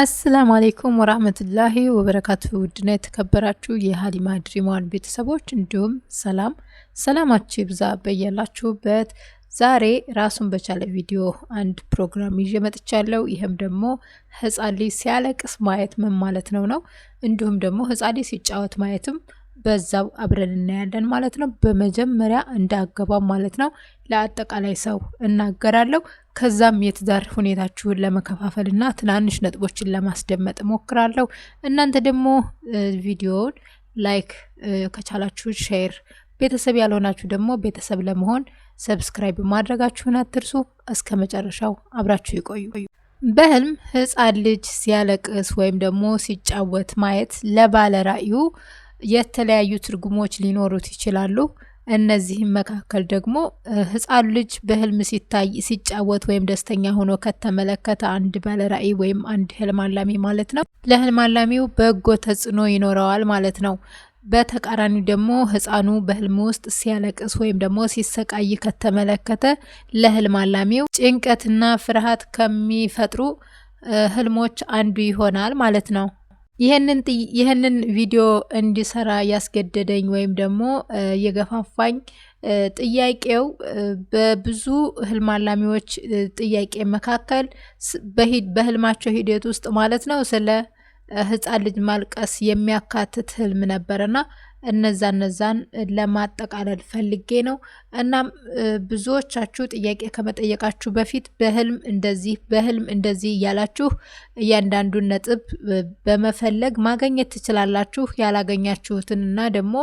አሰላሙ አሌይኩም ወራህመቱላሂ ወበረካቱ። ውድና የተከበራችሁ የሀሊማ ድሪማን ቤተሰቦች እንዲሁም ሰላም ሰላማችሁ ይብዛ በያላችሁበት። ዛሬ ራሱን በቻለ ቪዲዮ አንድ ፕሮግራም ይዤ መጥቻለሁ። ይህም ደግሞ ህጻን ልጅ ሲያለቅስ ማየት ምን ማለት ነው ነው እንዲሁም ደግሞ ህጻን ልጅ ሲጫወት ማየትም በዛው አብረን እናያለን ማለት ነው። በመጀመሪያ እንዳገባ ማለት ነው ለአጠቃላይ ሰው እናገራለሁ። ከዛም የትዳር ሁኔታችሁን ለመከፋፈል እና ትናንሽ ነጥቦችን ለማስደመጥ እሞክራለሁ። እናንተ ደግሞ ቪዲዮውን ላይክ ከቻላችሁ ሼር፣ ቤተሰብ ያልሆናችሁ ደግሞ ቤተሰብ ለመሆን ሰብስክራይብ ማድረጋችሁን አትርሱ። እስከ መጨረሻው አብራችሁ ይቆዩ። በህልም ህፃን ልጅ ሲያለቅስ ወይም ደግሞ ሲጫወት ማየት ለባለ ራእዩ የተለያዩ ትርጉሞች ሊኖሩት ይችላሉ። እነዚህም መካከል ደግሞ ህፃን ልጅ በህልም ሲታይ ሲጫወት ወይም ደስተኛ ሆኖ ከተመለከተ አንድ ባለራእይ ወይም አንድ ህልም አላሚ ማለት ነው ለህልም አላሚው በጎ ተጽዕኖ ይኖረዋል ማለት ነው። በተቃራኒው ደግሞ ህፃኑ በህልም ውስጥ ሲያለቅስ ወይም ደግሞ ሲሰቃይ ከተመለከተ ለህልም አላሚው ጭንቀትና ፍርሃት ከሚፈጥሩ ህልሞች አንዱ ይሆናል ማለት ነው። ይህንን ቪዲዮ እንዲሰራ ያስገደደኝ ወይም ደግሞ የገፋፋኝ ጥያቄው በብዙ ህልም አላሚዎች ጥያቄ መካከል በህልማቸው ሂደት ውስጥ ማለት ነው ስለ ህፃን ልጅ ማልቀስ የሚያካትት ህልም ነበርና እነዛ እነዛን ለማጠቃለል ፈልጌ ነው። እናም ብዙዎቻችሁ ጥያቄ ከመጠየቃችሁ በፊት በህልም እንደዚህ በህልም እንደዚህ እያላችሁ እያንዳንዱን ነጥብ በመፈለግ ማገኘት ትችላላችሁ። ያላገኛችሁትን እና ደግሞ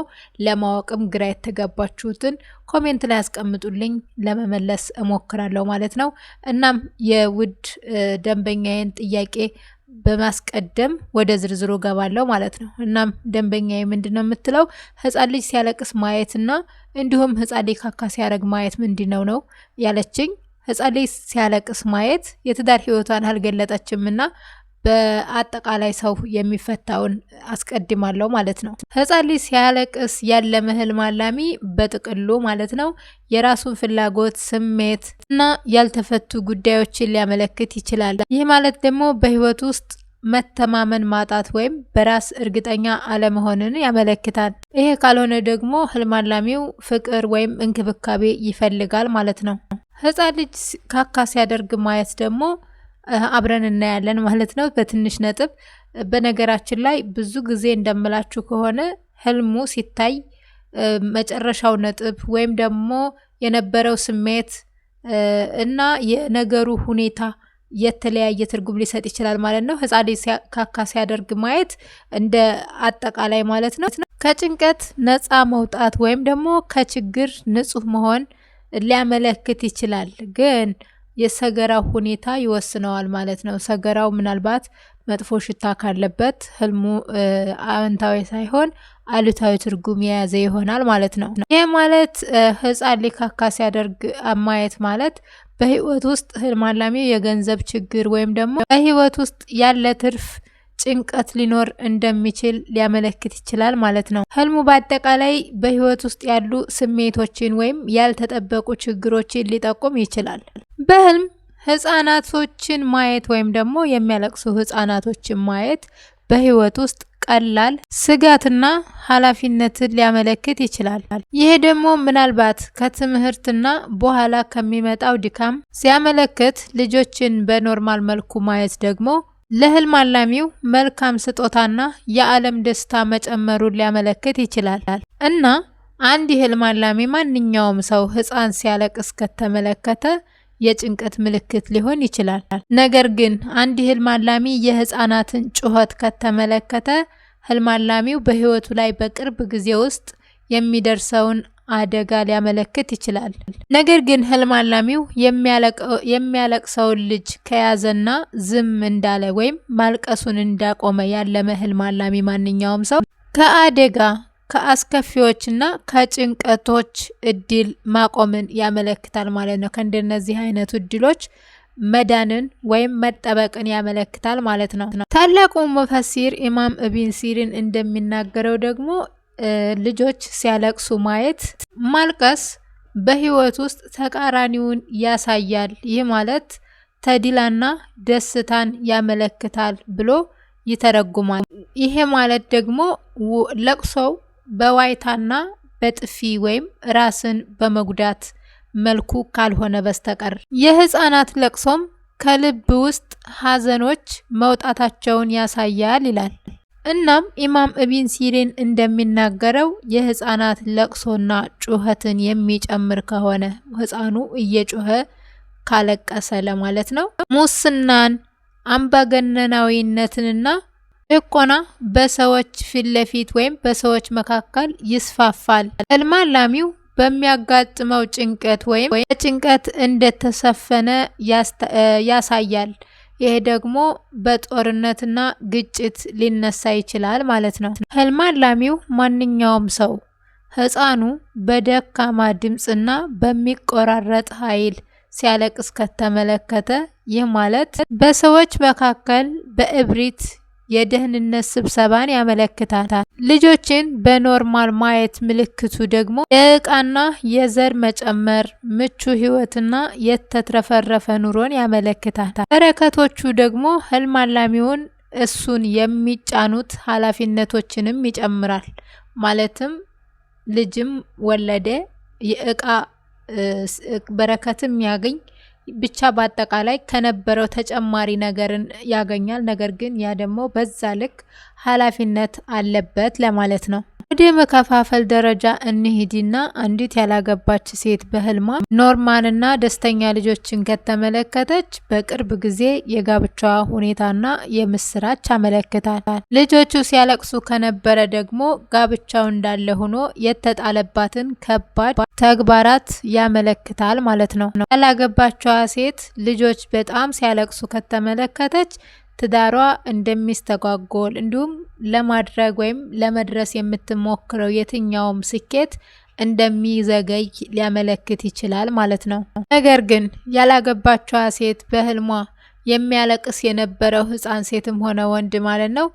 ለማወቅም ግራ የተገባችሁትን ኮሜንት ላይ ያስቀምጡልኝ፣ ለመመለስ እሞክራለሁ ማለት ነው። እናም የውድ ደንበኛዬን ጥያቄ በማስቀደም ወደ ዝርዝሩ ገባለው ማለት ነው። እናም ደንበኛ ምንድን ነው የምትለው ህፃን ልጅ ሲያለቅስ ማየትና እንዲሁም ህፃን ልጅ ካካ ሲያደርግ ማየት ምንድን ነው ነው ያለችኝ። ህፃን ልጅ ሲያለቅስ ማየት የትዳር ህይወቷን አልገለጠችምና በአጠቃላይ ሰው የሚፈታውን አስቀድማለሁ ማለት ነው። ህፃን ልጅ ሲያለቅስ ያለመ ህልም አላሚ በጥቅሉ ማለት ነው የራሱን ፍላጎት፣ ስሜት እና ያልተፈቱ ጉዳዮችን ሊያመለክት ይችላል። ይህ ማለት ደግሞ በህይወት ውስጥ መተማመን ማጣት ወይም በራስ እርግጠኛ አለመሆንን ያመለክታል። ይሄ ካልሆነ ደግሞ ህልም አላሚው ፍቅር ወይም እንክብካቤ ይፈልጋል ማለት ነው። ህፃን ልጅ ካካ ሲያደርግ ማየት ደግሞ አብረን እናያለን ማለት ነው በትንሽ ነጥብ። በነገራችን ላይ ብዙ ጊዜ እንደምላችሁ ከሆነ ህልሙ ሲታይ መጨረሻው ነጥብ ወይም ደግሞ የነበረው ስሜት እና የነገሩ ሁኔታ የተለያየ ትርጉም ሊሰጥ ይችላል ማለት ነው። ህጻን ካካ ሲያደርግ ማየት እንደ አጠቃላይ ማለት ነው ከጭንቀት ነፃ መውጣት ወይም ደግሞ ከችግር ንጹህ መሆን ሊያመለክት ይችላል ግን የሰገራው ሁኔታ ይወስነዋል ማለት ነው። ሰገራው ምናልባት መጥፎ ሽታ ካለበት ህልሙ አዎንታዊ ሳይሆን አሉታዊ ትርጉም የያዘ ይሆናል ማለት ነው። ይህ ማለት ህፃን ሊካካ ሲያደርግ ማየት ማለት በህይወት ውስጥ ህልም የገንዘብ ችግር ወይም ደግሞ በህይወት ውስጥ ያለ ትርፍ ጭንቀት ሊኖር እንደሚችል ሊያመለክት ይችላል ማለት ነው። ህልሙ በአጠቃላይ በህይወት ውስጥ ያሉ ስሜቶችን ወይም ያልተጠበቁ ችግሮችን ሊጠቁም ይችላል። በህልም ህጻናቶችን ማየት ወይም ደግሞ የሚያለቅሱ ህጻናቶችን ማየት በህይወት ውስጥ ቀላል ስጋትና ኃላፊነትን ሊያመለክት ይችላል። ይሄ ደግሞ ምናልባት ከትምህርትና በኋላ ከሚመጣው ድካም ሲያመለክት፣ ልጆችን በኖርማል መልኩ ማየት ደግሞ ለህልም አላሚው መልካም ስጦታና የዓለም ደስታ መጨመሩን ሊያመለክት ይችላል እና አንድ የህልም አላሚ ማንኛውም ሰው ህፃን ሲያለቅስ ከተመለከተ የጭንቀት ምልክት ሊሆን ይችላል። ነገር ግን አንድ ህልም አላሚ የህፃናትን ጩኸት ከተመለከተ ህልም አላሚው በህይወቱ ላይ በቅርብ ጊዜ ውስጥ የሚደርሰውን አደጋ ሊያመለክት ይችላል። ነገር ግን ህልም አላሚው የሚያለቅሰውን ልጅ ከያዘና ዝም እንዳለ ወይም ማልቀሱን እንዳቆመ ያለመ ህልም አላሚ ማንኛውም ሰው ከአደጋ ከአስከፊዎችና ከጭንቀቶች እድል ማቆምን ያመለክታል ማለት ነው። ከእንደነዚህ አይነቱ እድሎች መዳንን ወይም መጠበቅን ያመለክታል ማለት ነው። ታላቁ ሙፈሲር ኢማም እቢን ሲሪን እንደሚናገረው ደግሞ ልጆች ሲያለቅሱ ማየት ማልቀስ በህይወት ውስጥ ተቃራኒውን ያሳያል። ይህ ማለት ተድላና ደስታን ያመለክታል ብሎ ይተረጉማል። ይሄ ማለት ደግሞ ለቅሶው በዋይታና በጥፊ ወይም ራስን በመጉዳት መልኩ ካልሆነ በስተቀር የህፃናት ለቅሶም ከልብ ውስጥ ሀዘኖች መውጣታቸውን ያሳያል ይላል። እናም ኢማም ኢብን ሲሪን እንደሚናገረው የህፃናት ለቅሶና ጩኸትን የሚጨምር ከሆነ ህፃኑ እየጮኸ ካለቀሰ ለማለት ነው። ሙስናን፣ አምባገነናዊነትንና ጭቆና በሰዎች ፊት ለፊት ወይም በሰዎች መካከል ይስፋፋል። ህልም በሚያጋጥመው ጭንቀት ወይም ጭንቀት እንደተሰፈነ ያሳያል። ይሄ ደግሞ በጦርነትና ግጭት ሊነሳ ይችላል ማለት ነው። ህልም አላሚው ማንኛውም ሰው ህፃኑ በደካማ ድምፅና በሚቆራረጥ ኃይል ሲያለቅስ ከተመለከተ ይህ ማለት በሰዎች መካከል በእብሪት የደህንነት ስብሰባን ያመለክታታል። ልጆችን በኖርማል ማየት ምልክቱ ደግሞ የእቃና የዘር መጨመር፣ ምቹ ህይወትና የተትረፈረፈ ኑሮን ያመለክታታል። በረከቶቹ ደግሞ ህልም አላሚውን እሱን የሚጫኑት ኃላፊነቶችንም ይጨምራል። ማለትም ልጅም ወለደ የእቃ በረከትም ያገኝ ብቻ በአጠቃላይ ከነበረው ተጨማሪ ነገርን ያገኛል። ነገር ግን ያ ደግሞ በዛ ልክ ኃላፊነት አለበት ለማለት ነው። ወደ መከፋፈል ደረጃ እንሂድና አንዲት ያላገባች ሴት በህልሟ ኖርማልና ደስተኛ ልጆችን ከተመለከተች በቅርብ ጊዜ የጋብቻዋ ሁኔታና የምስራች አመለክታል። ልጆቹ ሲያለቅሱ ከነበረ ደግሞ ጋብቻው እንዳለ ሆኖ የተጣለባትን ከባድ ተግባራት ያመለክታል ማለት ነው። ያላገባችዋ ሴት ልጆች በጣም ሲያለቅሱ ከተመለከተች ትዳሯ እንደሚስተጓጎል እንዲሁም ለማድረግ ወይም ለመድረስ የምትሞክረው የትኛውም ስኬት እንደሚዘገይ ሊያመለክት ይችላል ማለት ነው። ነገር ግን ያላገባችዋ ሴት በህልሟ የሚያለቅስ የነበረው ህፃን ሴትም ሆነ ወንድ ማለት ነው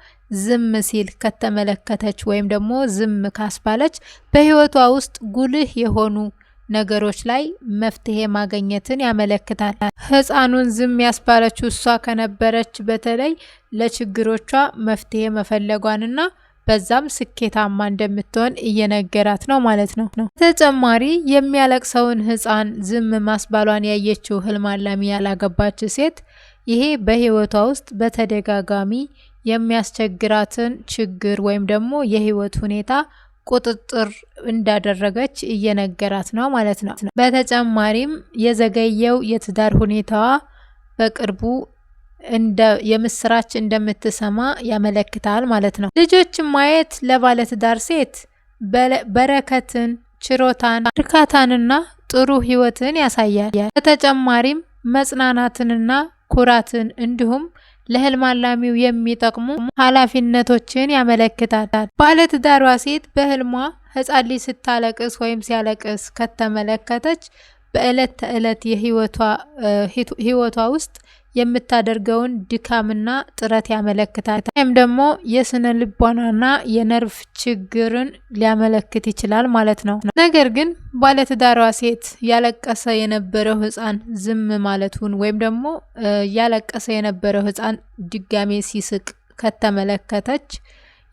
ዝም ሲል ከተመለከተች ወይም ደግሞ ዝም ካስባለች በህይወቷ ውስጥ ጉልህ የሆኑ ነገሮች ላይ መፍትሄ ማግኘትን ያመለክታል። ህፃኑን ዝም ያስባለችው እሷ ከነበረች በተለይ ለችግሮቿ መፍትሄ መፈለጓንና በዛም ስኬታማ እንደምትሆን እየነገራት ነው ማለት ነው። በተጨማሪ የሚያለቅሰውን ህፃን ዝም ማስባሏን ያየችው ህልም አላሚ ያላገባች ሴት ይሄ በህይወቷ ውስጥ በተደጋጋሚ የሚያስቸግራትን ችግር ወይም ደግሞ የህይወት ሁኔታ ቁጥጥር እንዳደረገች እየነገራት ነው ማለት ነው። በተጨማሪም የዘገየው የትዳር ሁኔታዋ በቅርቡ የምስራች እንደምትሰማ ያመለክታል ማለት ነው። ልጆችን ማየት ለባለትዳር ሴት በረከትን፣ ችሮታን፣ እርካታንና ጥሩ ህይወትን ያሳያል። በተጨማሪም መጽናናትንና ኩራትን እንዲሁም ለህልም አላሚው የሚጠቅሙ ኃላፊነቶችን ያመለክታል። ባለትዳሯ ሴት በህልሟ ህጻን ልጅ ስታለቅስ ወይም ሲያለቅስ ከተመለከተች በእለት ተዕለት የህይወቷ ውስጥ የምታደርገውን ድካምና ጥረት ያመለክታል። ወይም ደግሞ የስነ ልቦናና የነርቭ ችግርን ሊያመለክት ይችላል ማለት ነው። ነገር ግን ባለትዳሯ ሴት ያለቀሰ የነበረው ህፃን ዝም ማለቱን ወይም ደግሞ ያለቀሰ የነበረው ህፃን ድጋሜ ሲስቅ ከተመለከተች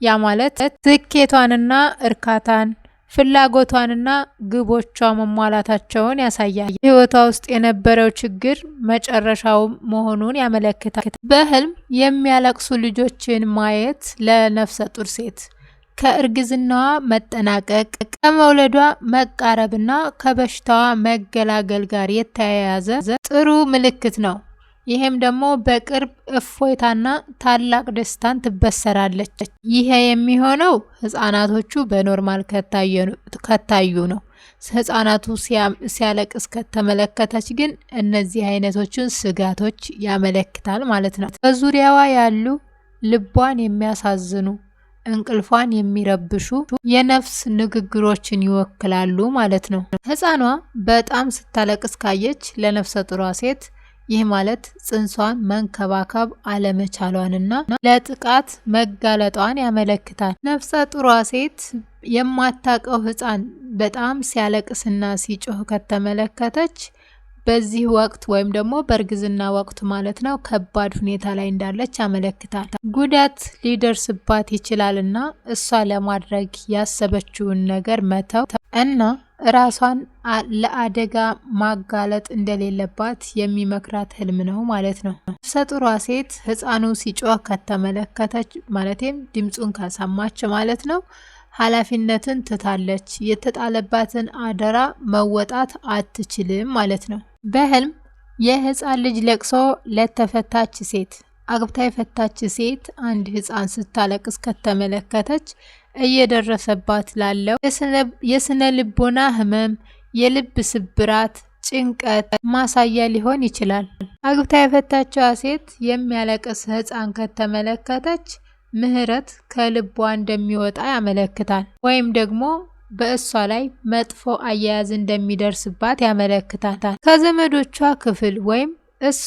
ያ ማለት ስኬቷንና እርካታን ፍላጎቷንና ግቦቿ መሟላታቸውን ያሳያል። ህይወቷ ውስጥ የነበረው ችግር መጨረሻው መሆኑን ያመለክታል። በህልም የሚያለቅሱ ልጆችን ማየት ለነፍሰ ጡር ሴት ከእርግዝናዋ መጠናቀቅ፣ ከመውለዷ መቃረብና ከበሽታዋ መገላገል ጋር የተያያዘ ጥሩ ምልክት ነው። ይሄም ደግሞ በቅርብ እፎይታና ታላቅ ደስታን ትበሰራለች። ይሄ የሚሆነው ህጻናቶቹ በኖርማል ከታዩ ነው። ህጻናቱ ሲያለቅስ ከተመለከተች ግን እነዚህ አይነቶችን ስጋቶች ያመለክታል ማለት ነው። በዙሪያዋ ያሉ ልቧን የሚያሳዝኑ እንቅልፏን የሚረብሹ የነፍስ ንግግሮችን ይወክላሉ ማለት ነው። ህፃኗ በጣም ስታለቅስ ካየች ለነፍሰ ጥሯ ሴት ይህ ማለት ጽንሷን መንከባከብ አለመቻሏንና ለጥቃት መጋለጧን ያመለክታል። ነፍሰ ጡሯ ሴት የማታቀው ህፃን በጣም ሲያለቅስና ሲጮህ ከተመለከተች በዚህ ወቅት ወይም ደግሞ በእርግዝና ወቅቱ ማለት ነው ከባድ ሁኔታ ላይ እንዳለች ያመለክታል። ጉዳት ሊደርስባት ይችላልና እሷ ለማድረግ ያሰበችውን ነገር መተው እና ራሷን ለአደጋ ማጋለጥ እንደሌለባት የሚመክራት ህልም ነው ማለት ነው። ነፍሰ ጡሯ ሴት ህፃኑ ሲጮህ ከተመለከተች ማለትም ድምፁን ከሰማች ማለት ነው ኃላፊነትን ትታለች። የተጣለባትን አደራ መወጣት አትችልም ማለት ነው። በህልም የህፃን ልጅ ለቅሶ ለተፈታች ሴት አግብታ የፈታች ሴት አንድ ህፃን ስታለቅስ ከተመለከተች እየደረሰባት ላለው የስነ ልቦና ህመም፣ የልብ ስብራት፣ ጭንቀት ማሳያ ሊሆን ይችላል። አግብታ የፈታችዋ ሴት የሚያለቅስ ህፃን ከተመለከተች ምህረት ከልቧ እንደሚወጣ ያመለክታል። ወይም ደግሞ በእሷ ላይ መጥፎ አያያዝ እንደሚደርስባት ያመለክታታል። ከዘመዶቿ ክፍል ወይም እሷ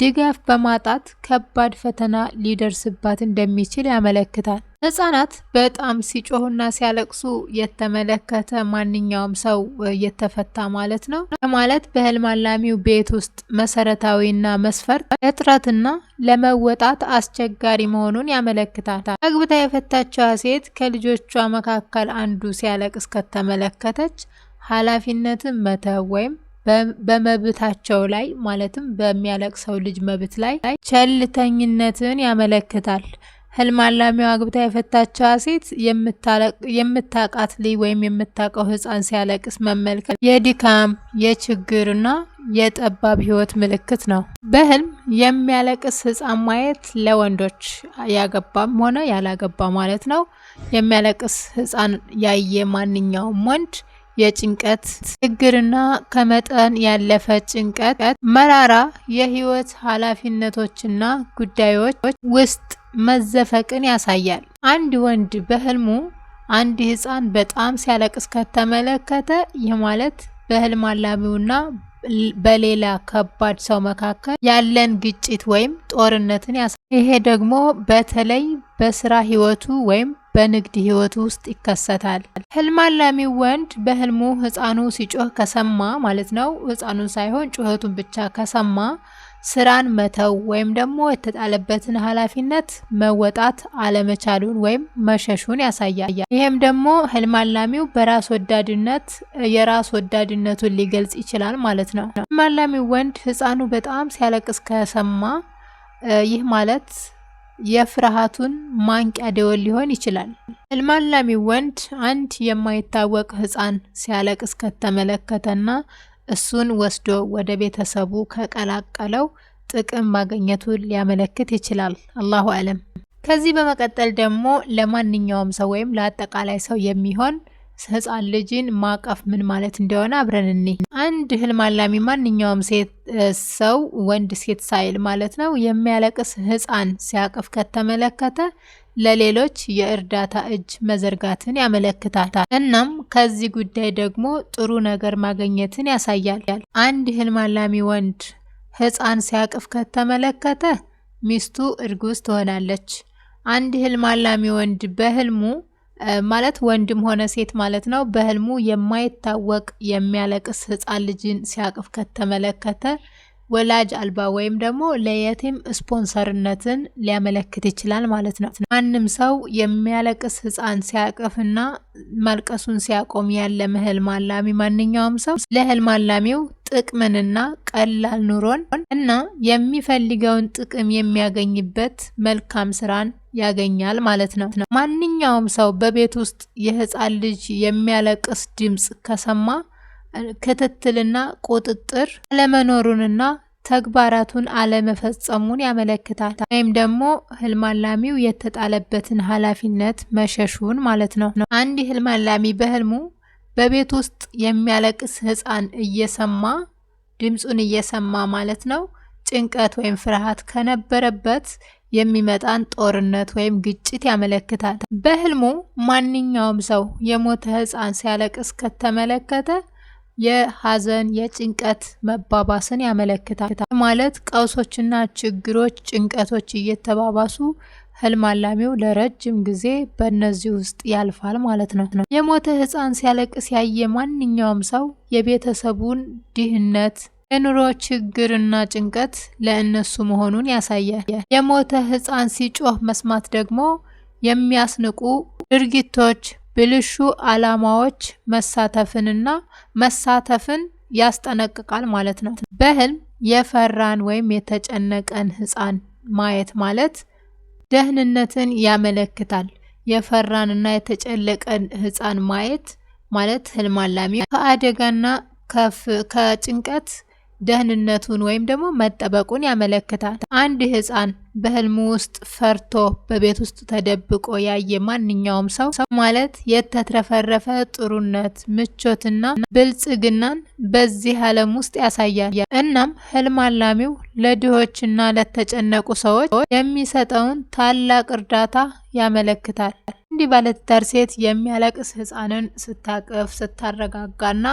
ድጋፍ በማጣት ከባድ ፈተና ሊደርስባት እንደሚችል ያመለክታል። ህጻናት በጣም ሲጮሁና ሲያለቅሱ የተመለከተ ማንኛውም ሰው እየተፈታ ማለት ነው። ማለት በህልም አላሚው ቤት ውስጥ መሰረታዊና መስፈርት እጥረትና ለመወጣት አስቸጋሪ መሆኑን ያመለክታል። አግብታ የፈታችዋ ሴት ከልጆቿ መካከል አንዱ ሲያለቅስ ከተመለከተች ኃላፊነትን መተው ወይም በመብታቸው ላይ ማለትም በሚያለቅሰው ልጅ መብት ላይ ቸልተኝነትን ያመለክታል። ህልም አላሚዋ አግብታ የፈታቸዋ ሴት የምታቃት ልጅ ወይም የምታውቀው ህፃን ሲያለቅስ መመልከት የድካም የችግርና የጠባብ ህይወት ምልክት ነው። በህልም የሚያለቅስ ህፃን ማየት ለወንዶች ያገባም ሆነ ያላገባ ማለት ነው። የሚያለቅስ ህፃን ያየ ማንኛውም ወንድ የጭንቀት ችግርና ከመጠን ያለፈ ጭንቀት፣ መራራ የህይወት ኃላፊነቶችና ጉዳዮች ውስጥ መዘፈቅን ያሳያል። አንድ ወንድ በህልሙ አንድ ህፃን በጣም ሲያለቅስ ከተመለከተ ይህ ማለት በህልም አላሚውና በሌላ ከባድ ሰው መካከል ያለን ግጭት ወይም ጦርነትን ያሳ ይሄ ደግሞ በተለይ በስራ ህይወቱ ወይም በንግድ ህይወቱ ውስጥ ይከሰታል። ህልም አላሚው ወንድ በህልሙ ህፃኑ ሲጮህ ከሰማ ማለት ነው፣ ህፃኑን ሳይሆን ጩኸቱን ብቻ ከሰማ ስራን መተው ወይም ደግሞ የተጣለበትን ኃላፊነት መወጣት አለመቻሉን ወይም መሸሹን ያሳያል። ይህም ደግሞ ህልም አላሚው በራስ ወዳድነት የራስ ወዳድነቱን ሊገልጽ ይችላል ማለት ነው። ህልም አላሚው ወንድ ህፃኑ በጣም ሲያለቅስ ከሰማ ይህ ማለት የፍርሃቱን ማንቂያ ደወል ሊሆን ይችላል። ህልም አላሚው ወንድ አንድ የማይታወቅ ህፃን ሲያለቅስ ከተመለከተና እሱን ወስዶ ወደ ቤተሰቡ ከቀላቀለው ጥቅም ማገኘቱ ሊያመለክት ይችላል። አላሁ አለም። ከዚህ በመቀጠል ደግሞ ለማንኛውም ሰው ወይም ለአጠቃላይ ሰው የሚሆን ህፃን ልጅን ማቀፍ ምን ማለት እንደሆነ አብረን እኒ አንድ ህልም አላሚ ማንኛውም ሴት ሰው ወንድ ሴት ሳይል ማለት ነው የሚያለቅስ ህፃን ሲያቅፍ ከተመለከተ ለሌሎች የእርዳታ እጅ መዘርጋትን ያመለክታል። እናም ከዚህ ጉዳይ ደግሞ ጥሩ ነገር ማግኘትን ያሳያል። አንድ ህልም አላሚ ወንድ ህፃን ሲያቅፍ ከተመለከተ ሚስቱ እርጉዝ ትሆናለች። አንድ ህልም አላሚ ወንድ በህልሙ ማለት ወንድም ሆነ ሴት ማለት ነው። በህልሙ የማይታወቅ የሚያለቅስ ህፃን ልጅን ሲያቅፍ ከተመለከተ ወላጅ አልባ ወይም ደግሞ ለየቲም ስፖንሰርነትን ሊያመለክት ይችላል ማለት ነው። ማንም ሰው የሚያለቅስ ህፃን ሲያቅፍና ማልቀሱን ሲያቆም ያለ ህልም አላሚ ማንኛውም ሰው ለህልም አላሚው ጥቅምንና ቀላል ኑሮን እና የሚፈልገውን ጥቅም የሚያገኝበት መልካም ስራን ያገኛል ማለት ነው። ማንኛውም ሰው በቤት ውስጥ የህፃን ልጅ የሚያለቅስ ድምፅ ከሰማ ክትትልና ቁጥጥር አለመኖሩንና ተግባራቱን አለመፈጸሙን ያመለክታል። ወይም ደግሞ ህልማላሚው የተጣለበትን ኃላፊነት መሸሹን ማለት ነው። አንድ ህልማላሚ በህልሙ በቤት ውስጥ የሚያለቅስ ህፃን እየሰማ ድምፁን እየሰማ ማለት ነው ጭንቀት ወይም ፍርሃት ከነበረበት የሚመጣን ጦርነት ወይም ግጭት ያመለክታል። በህልሙ ማንኛውም ሰው የሞተ ህፃን ሲያለቅስ ከተመለከተ የሀዘን የጭንቀት መባባስን ያመለክታል። ማለት ቀውሶችና ችግሮች፣ ጭንቀቶች እየተባባሱ ህልም አላሚው ለረጅም ጊዜ በእነዚህ ውስጥ ያልፋል ማለት ነው። የሞተ ህፃን ሲያለቅስ ያየ ማንኛውም ሰው የቤተሰቡን ድህነት፣ የኑሮ ችግርና ጭንቀት ለእነሱ መሆኑን ያሳያል። የሞተ ህፃን ሲጮህ መስማት ደግሞ የሚያስንቁ ድርጊቶች ብልሹ አላማዎች መሳተፍንና መሳተፍን ያስጠነቅቃል ማለት ነው። በህልም የፈራን ወይም የተጨነቀን ህፃን ማየት ማለት ደህንነትን ያመለክታል። የፈራንና የተጨለቀን ህፃን ማየት ማለት ህልም አላሚ ከአደጋና ከጭንቀት ደህንነቱን ወይም ደግሞ መጠበቁን ያመለክታል። አንድ ህፃን በህልሙ ውስጥ ፈርቶ በቤት ውስጥ ተደብቆ ያየ ማንኛውም ሰው ሰው ማለት የተትረፈረፈ ጥሩነት፣ ምቾትና ብልጽግናን በዚህ ዓለም ውስጥ ያሳያል። እናም ህልም አላሚው ለድሆችና ለተጨነቁ ሰዎች የሚሰጠውን ታላቅ እርዳታ ያመለክታል። እንዲህ ባለትዳር ሴት የሚያለቅስ ህፃንን ስታቅፍ ስታረጋጋና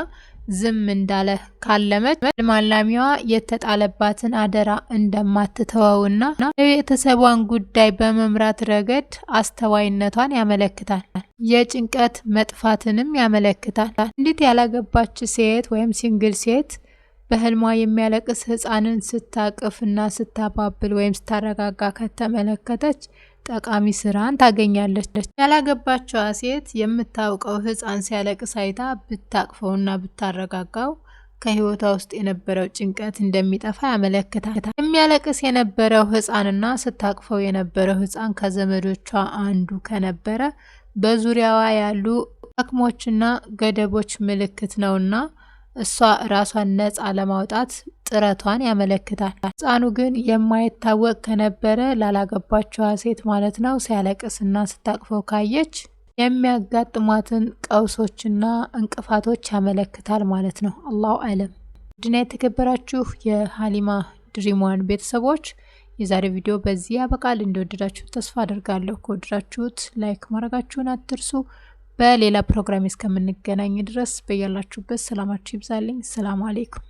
ዝም እንዳለ ካለመች ልማላሚዋ የተጣለባትን አደራ እንደማትተወውና የቤተሰቧን ጉዳይ በመምራት ረገድ አስተዋይነቷን ያመለክታል። የጭንቀት መጥፋትንም ያመለክታል። እንዴት ያላገባች ሴት ወይም ሲንግል ሴት በህልሟ የሚያለቅስ ህፃንን ስታቅፍና ስታባብል ወይም ስታረጋጋ ከተመለከተች ጠቃሚ ስራን ታገኛለች። ያላገባችዋ ሴት የምታውቀው ህፃን ሲያለቅስ አይታ ብታቅፈውና ብታረጋጋው ከህይወቷ ውስጥ የነበረው ጭንቀት እንደሚጠፋ ያመለክታል። የሚያለቅስ የነበረው ህፃንና ስታቅፈው የነበረው ህፃን ከዘመዶቿ አንዱ ከነበረ በዙሪያዋ ያሉ አቅሞችና ገደቦች ምልክት ነውና እሷ ራሷን ነጻ ለማውጣት ጥረቷን ያመለክታል። ህፃኑ ግን የማይታወቅ ከነበረ ላላገባቸዋ ሴት ማለት ነው ሲያለቅስና ስታቅፈው ካየች የሚያጋጥሟትን ቀውሶችና እንቅፋቶች ያመለክታል ማለት ነው። አላሁ አለም። ድና የተከበራችሁ የሀሊማ ድሪሟን ቤተሰቦች የዛሬ ቪዲዮ በዚህ ያበቃል። እንደወደዳችሁ ተስፋ አድርጋለሁ። ከወደዳችሁት ላይክ ማድረጋችሁን አትርሱ። በሌላ ፕሮግራም እስከምንገናኝ ድረስ በያላችሁበት ሰላማችሁ ይብዛልኝ። ሰላም አሌይኩም።